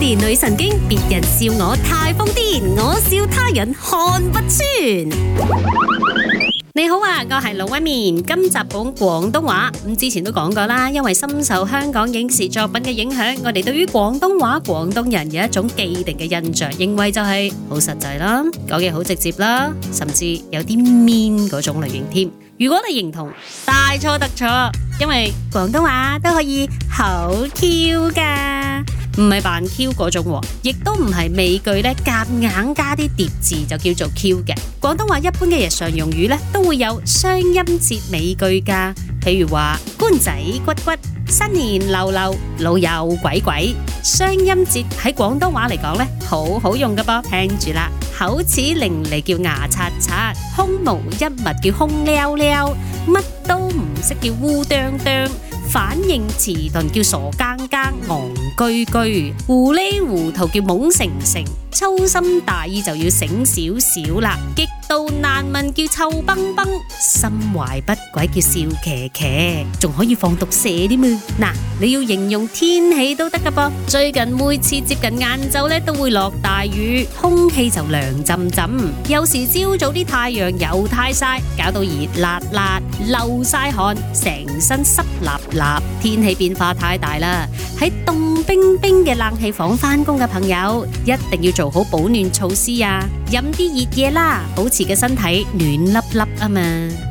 年女神經，別人笑我太瘋癲，我笑他人看不穿。你好啊，我係龍紋敏，今集講廣東話。咁之前都講過啦，因為深受香港影視作品嘅影響，我哋對於廣東話、廣東人有一種既定嘅印象，認為就係好實際啦，講嘢好直接啦，甚至有啲 mean 嗰種類型添。如果你認同大錯特錯，因為廣東話都可以好 Q 噶。唔係扮 Q 嗰種喎，亦都唔係美句咧夾硬加啲疊字就叫做 Q 嘅。廣東話一般嘅日常用語咧都會有雙音節美句㗎，譬如話官仔骨骨、新年流流、老友鬼鬼。雙音節喺廣東話嚟講咧好好用㗎噃。聽住啦，口齒伶俐叫牙刷刷，空無一物叫空撩撩；乜都唔識叫烏啄啄。.反應遲鈍叫傻更更，戇居居，糊裏糊塗叫懵成成，粗心大意就要醒少少啦，極度難聞叫臭崩崩，心懷不軌叫笑騎騎，仲可以放毒蛇添嘛？嗱、啊，你要形容天氣都得噶噃。最近每次接近晏晝咧都會落大雨，空氣就涼浸浸，有時朝早啲太陽又太曬，搞到熱辣辣，流晒汗，成身濕立。天氣變化太大啦，喺凍冰冰嘅冷氣房翻工嘅朋友，一定要做好保暖措施啊！飲啲熱嘢啦，保持個身體暖粒粒啊嘛。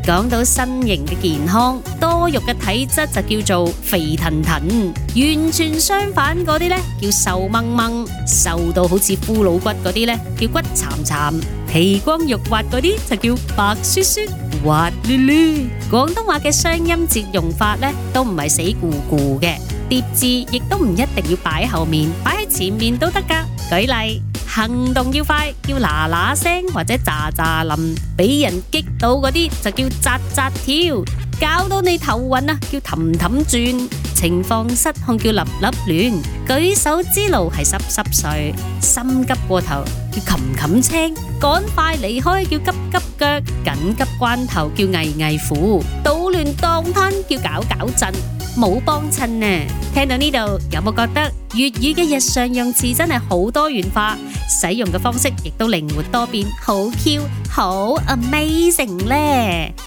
講到身形嘅健康，多肉嘅體質就叫做肥騰騰，完全相反嗰啲呢，叫瘦掹掹，瘦到好似骷髏骨嗰啲呢，叫骨殘殘。皮光肉滑嗰啲就叫白雪雪滑溜溜，廣東話嘅雙音節用法咧都唔係死咕咕嘅，疊字亦都唔一定要擺喺後面，擺喺前面都得噶。舉例，行動要快叫嗱嗱聲或者咋咋淋，俾人激到嗰啲就叫扎扎跳，搞到你頭暈啊叫氹氹轉。情況失控叫立立亂，舉手之勞係濕濕碎，心急過頭叫擒擒青，趕快離開叫急急腳，緊急關頭叫危危乎，搗亂檔攤叫搞搞震」。冇幫襯呢，聽到呢度有冇覺得粵語嘅日常用詞真係好多元化，使用嘅方式亦都靈活多變，好 Q，好 amazing 呢？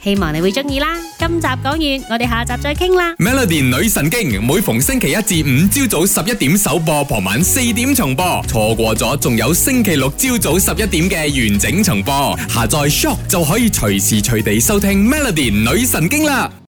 希望你會中意啦。今集講完，我哋下集再傾啦。Melody 女神經每逢星期一至五朝早十一點首播，傍晚四點重播，錯過咗仲有星期六朝早十一點嘅完整重播。下載 shop 就可以隨時隨地收聽 Melody 女神經啦。